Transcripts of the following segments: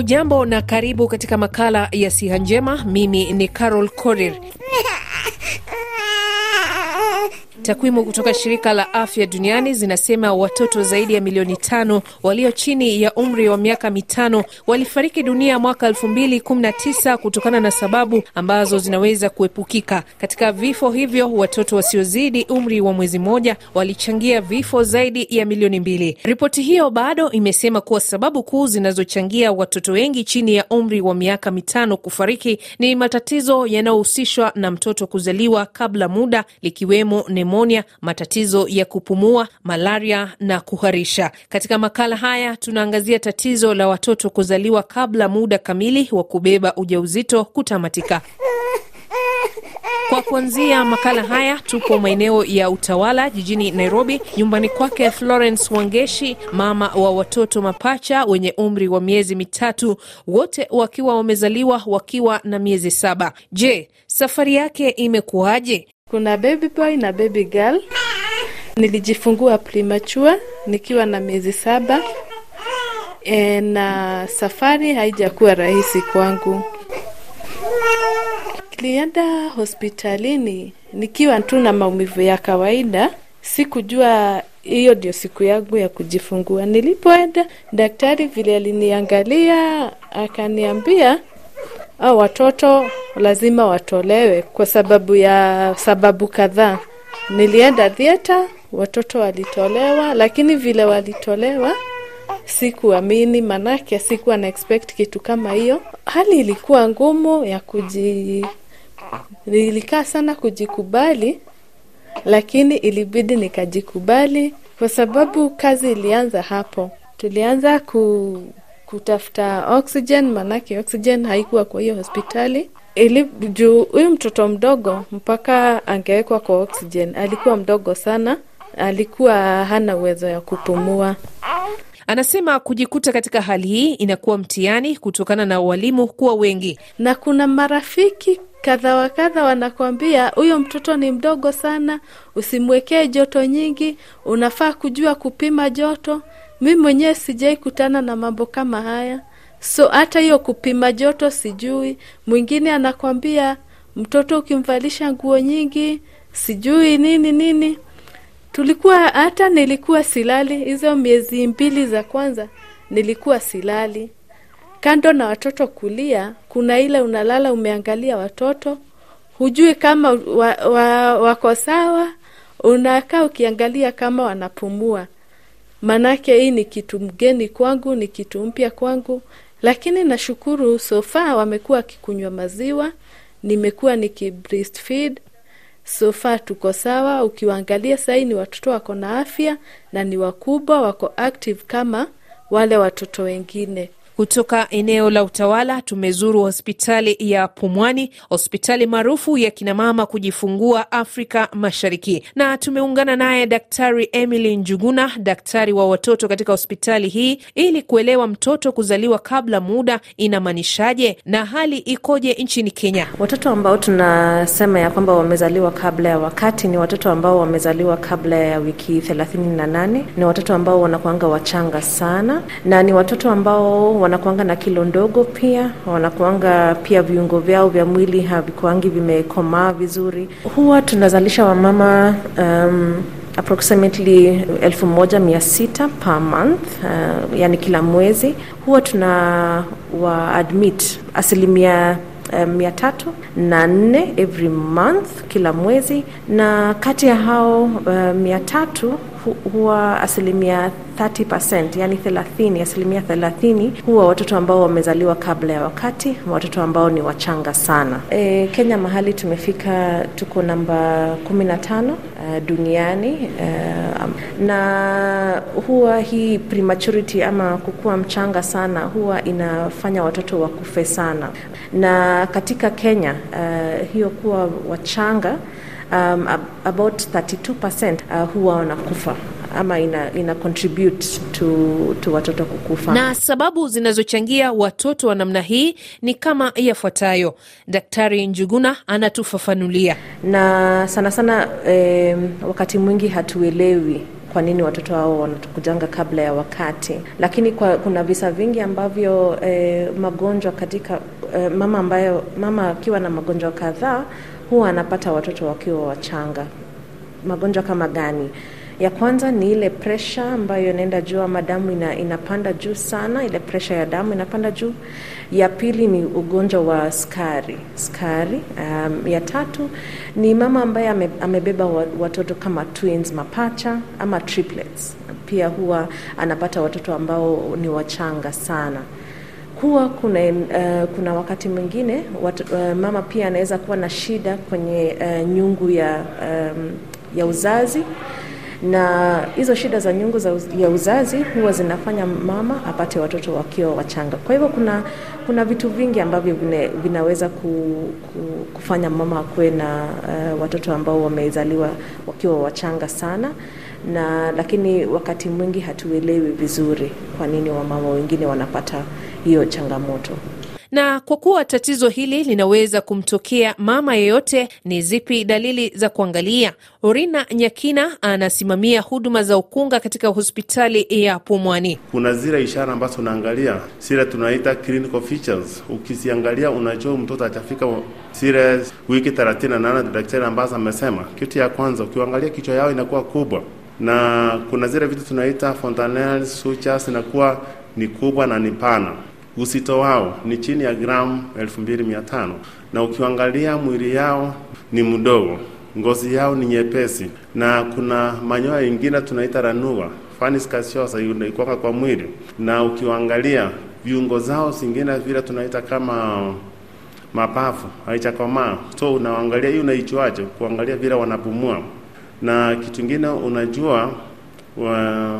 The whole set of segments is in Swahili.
Hujambo na karibu katika makala ya siha njema. Mimi ni Carol Korir. Takwimu kutoka shirika la afya duniani zinasema watoto zaidi ya milioni tano walio chini ya umri wa miaka mitano walifariki dunia mwaka elfu mbili kumi na tisa kutokana na sababu ambazo zinaweza kuepukika. Katika vifo hivyo, watoto wasiozidi umri wa mwezi mmoja walichangia vifo zaidi ya milioni mbili. Ripoti hiyo bado imesema kuwa sababu kuu zinazochangia watoto wengi chini ya umri wa miaka mitano kufariki ni matatizo yanayohusishwa na mtoto kuzaliwa kabla muda, likiwemo nimonia, matatizo ya kupumua, malaria na kuharisha. Katika makala haya tunaangazia tatizo la watoto kuzaliwa kabla muda kamili wa kubeba ujauzito kutamatika. Kwa kuanzia makala haya, tupo maeneo ya Utawala jijini Nairobi, nyumbani kwake Florence Wangeshi, mama wa watoto mapacha wenye umri wa miezi mitatu, wote wakiwa wamezaliwa wakiwa na miezi saba. Je, safari yake imekuwaje? Kuna baby boy na baby girl. Nilijifungua premature nikiwa na miezi saba e, na safari haijakuwa rahisi kwangu. Nilienda hospitalini nikiwa tu na maumivu ya kawaida. Sikujua hiyo ndio siku yangu ya kujifungua. Nilipoenda daktari, vile aliniangalia, akaniambia au oh, watoto lazima watolewe kwa sababu ya sababu kadhaa. Nilienda theater, watoto walitolewa, lakini vile walitolewa sikuamini, manake sikuwa na expect kitu kama hiyo. Hali ilikuwa ngumu ya kuji, nilikaa sana kujikubali, lakini ilibidi nikajikubali kwa sababu kazi ilianza hapo. Tulianza ku, kutafuta oxygen, manake oxygen haikuwa kwa hiyo hospitali ili juu huyu mtoto mdogo mpaka angewekwa kwa oxygen, alikuwa mdogo sana, alikuwa hana uwezo ya kupumua. Anasema kujikuta katika hali hii inakuwa mtiani kutokana na walimu kuwa wengi, na kuna marafiki kadha wa kadha wanakuambia huyo mtoto ni mdogo sana, usimwekee joto nyingi, unafaa kujua kupima joto. Mi mwenyewe sijai kutana na mambo kama haya so hata hiyo kupima joto sijui. Mwingine anakwambia mtoto ukimvalisha nguo nyingi sijui nini nini. Tulikuwa hata nilikuwa silali hizo miezi mbili za kwanza, nilikuwa silali kando na watoto kulia. Kuna ile unalala umeangalia watoto, hujui kama wa, wa, wako sawa, unakaa ukiangalia kama wanapumua. maanake hii ni kitu mgeni kwangu, ni kitu mpya kwangu, lakini nashukuru sofa wamekuwa wakikunywa maziwa, nimekuwa niki breastfeed sofa, tuko sawa. Ukiwaangalia sahii ni watoto wako na afya na ni wakubwa, wako active kama wale watoto wengine. Kutoka eneo la utawala tumezuru hospitali ya Pumwani, hospitali maarufu ya kinamama kujifungua Afrika Mashariki, na tumeungana naye Daktari Emily Njuguna, daktari wa watoto katika hospitali hii, ili kuelewa mtoto kuzaliwa kabla muda inamaanishaje na hali ikoje nchini Kenya. Watoto ambao tunasema ya kwamba wamezaliwa kabla ya wakati ni watoto ambao wamezaliwa kabla ya wiki thelathini na nane. Ni watoto ambao wanakuanga wachanga sana na ni watoto ambao wanakuanga na kilo ndogo, pia wanakuanga pia viungo vyao vya mwili havikuangi vimekomaa vizuri. Huwa tunazalisha wamama um, approximately 1600 per month uh, yani kila mwezi huwa tuna wa admit asilimia um, mia tatu na nne every month, kila mwezi, na kati ya hao uh, mia tatu huwa asilimia 30%, yani 30, asilimia 30 huwa watoto ambao wamezaliwa kabla ya wakati, watoto ambao ni wachanga sana. E, Kenya mahali tumefika tuko namba 15 uh, e, duniani uh, na huwa hii prematurity ama kukua mchanga sana huwa inafanya watoto wakufe sana, na katika Kenya uh, hiyo kuwa wachanga um, about 32% uh, huwa wanakufa ama ina, ina contribute to, to watoto kukufa. Na sababu zinazochangia watoto wa namna hii ni kama yafuatayo. Daktari Njuguna anatufafanulia. Na sana sana eh, wakati mwingi hatuelewi kwa nini watoto hao wanatukujanga kabla ya wakati. Lakini kwa, kuna visa vingi ambavyo eh, magonjwa katika eh, mama ambayo mama akiwa na magonjwa kadhaa huwa anapata watoto wakiwa wachanga. Magonjwa kama gani? Ya kwanza ni ile presha ambayo inaenda juu ama damu ina, inapanda juu sana, ile presha ya damu inapanda juu. Ya pili ni ugonjwa wa skari skari. Um, ya tatu ni mama ambaye ame, amebeba watoto kama twins mapacha ama triplets, pia huwa anapata watoto ambao ni wachanga sana huwa kuna, uh, kuna wakati mwingine uh, mama pia anaweza kuwa na shida kwenye uh, nyungu ya, um, ya uzazi na hizo shida za nyungu za uz, ya uzazi huwa zinafanya mama apate watoto wakiwa wachanga. Kwa hivyo kuna, kuna vitu vingi ambavyo vine, vinaweza ku, ku, kufanya mama akuwe na uh, watoto ambao wamezaliwa wakiwa wachanga sana na lakini wakati mwingi hatuelewi vizuri kwa nini wamama wengine wanapata hiyo changamoto. Na kwa kuwa tatizo hili linaweza kumtokea mama yeyote, ni zipi dalili za kuangalia? Orina Nyakina anasimamia huduma za ukunga katika hospitali ya Pumwani. Kuna zile ishara ambazo unaangalia, zile tunaita clinical features. Ukiziangalia unajua mtoto atafika zile wiki nane daktari ambazo amesema. Kitu ya kwanza ukiangalia, kichwa yao inakuwa kubwa na kuna zile vitu tunaita fontanelles sutures, inakuwa ni kubwa na ni pana Uzito wao ni chini ya gramu 2500 na ukiangalia mwili yao ni mdogo, ngozi yao ni nyepesi, na kuna manyoya yengine tunaita ranua fanis caseosa inaikuwaka kwa mwili, na ukiangalia viungo zao zingine vile tunaita kama mapafu haichakomaa. So unaangalia hii unaichuaje, kuangalia vile wanapumua na kitu kingine unajua wa,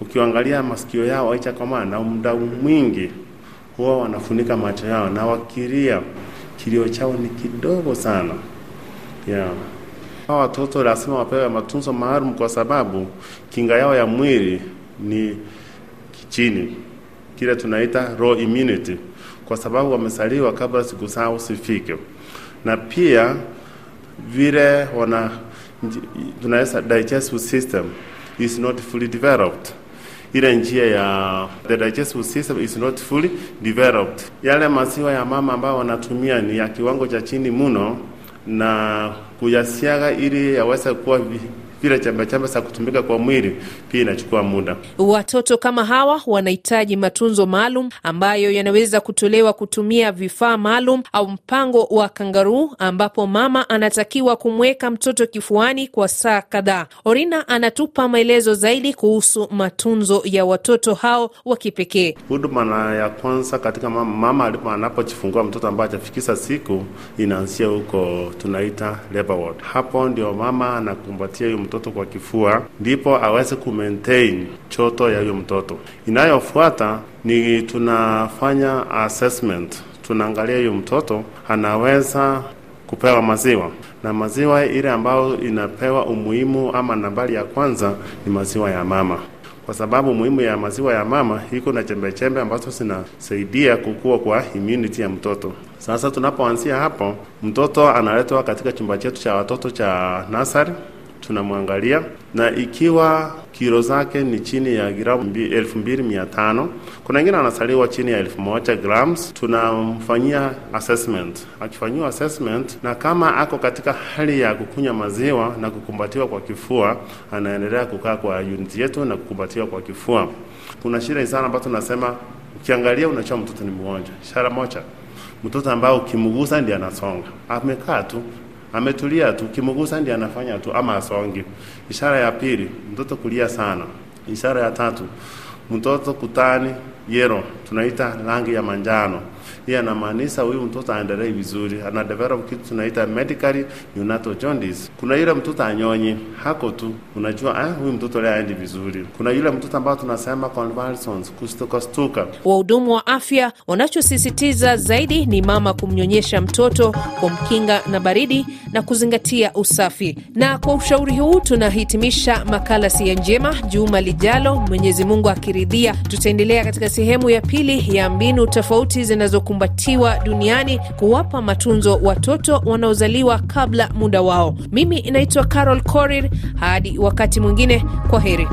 ukiangalia masikio yao haichakomaa na muda mwingi huwa wanafunika macho yao na wakilia, kilio chao ni kidogo sana yeah. Hawa watoto lazima wapewe matunzo maalum kwa sababu kinga yao ya mwili ni kichini, kile tunaita raw immunity, kwa sababu wamesaliwa kabla siku zao sifike, na pia vile wana tunaweza digestive system is not fully developed ile njia ya the digestive system is not fully developed. Yale maziwa ya mama ambayo wanatumia ni ya kiwango cha chini mno, na kuyasiaga ili yaweze kuwa vile chembechembe za kutumika kwa mwili pia inachukua muda. Watoto kama hawa wanahitaji matunzo maalum ambayo yanaweza kutolewa kutumia vifaa maalum au mpango wa kangaruu, ambapo mama anatakiwa kumweka mtoto kifuani kwa saa kadhaa. Orina anatupa maelezo zaidi kuhusu matunzo ya watoto hao wa kipekee. Huduma ya kwanza katika mama, mama alipo anapojifungua mtoto ambaye hajafikisha siku inaanzia huko tunaita labor ward. Hapo ndio mama anakumbatia huyo mtoto kwa kifua, ndipo aweze maintain choto ya huyo mtoto. Inayofuata ni tunafanya assessment, tunaangalia huyo mtoto anaweza kupewa maziwa na maziwa ile ambayo inapewa umuhimu ama nambari ya kwanza ni maziwa ya mama, kwa sababu muhimu ya maziwa ya mama iko na chembechembe ambazo zinasaidia kukua kwa immunity ya mtoto. Sasa tunapoanzia hapo, mtoto analetwa katika chumba chetu cha watoto cha nasari tunamwangalia, na ikiwa kilo zake ni chini ya gramu elfu mbili mia tano kuna wengine anasaliwa chini ya elfu moja grams, tunamfanyia assessment. Akifanyiwa assessment na kama ako katika hali ya kukunya maziwa na kukumbatiwa kwa kifua, anaendelea kukaa kwa unit yetu na kukumbatiwa kwa kifua. Kuna shida sana ambayo tunasema ukiangalia unachua mtoto ni mgonjwa. Ishara moja, mtoto ambao ukimgusa ndiye anasonga, amekaa tu ametulia tu, kimugusa ndiye anafanya tu ama asongi. Ishara ya pili, mtoto kulia sana. Ishara ya tatu, mtoto kutani yero, tunaita rangi ya manjano hii anamaanisha huyu mtoto aendelee vizuri, ana develop kitu tunaita medically neonatal jaundice. Kuna yule mtoto anyonyi hako tu, unajua ah, huyu mtoto leo aendi vizuri. Kuna yule mtoto ambao tunasema convulsions, stuka. Wahudumu wa afya wanachosisitiza zaidi ni mama kumnyonyesha mtoto, kumkinga na baridi na kuzingatia usafi. Na kwa ushauri huu tunahitimisha makala Siha Njema juma lijalo, Mwenyezi Mungu akiridhia, tutaendelea katika sehemu ya pili ya mbinu tofauti zinazo kukumbatiwa duniani kuwapa matunzo watoto wanaozaliwa kabla muda wao. Mimi inaitwa Carol Korir, hadi wakati mwingine, kwa heri.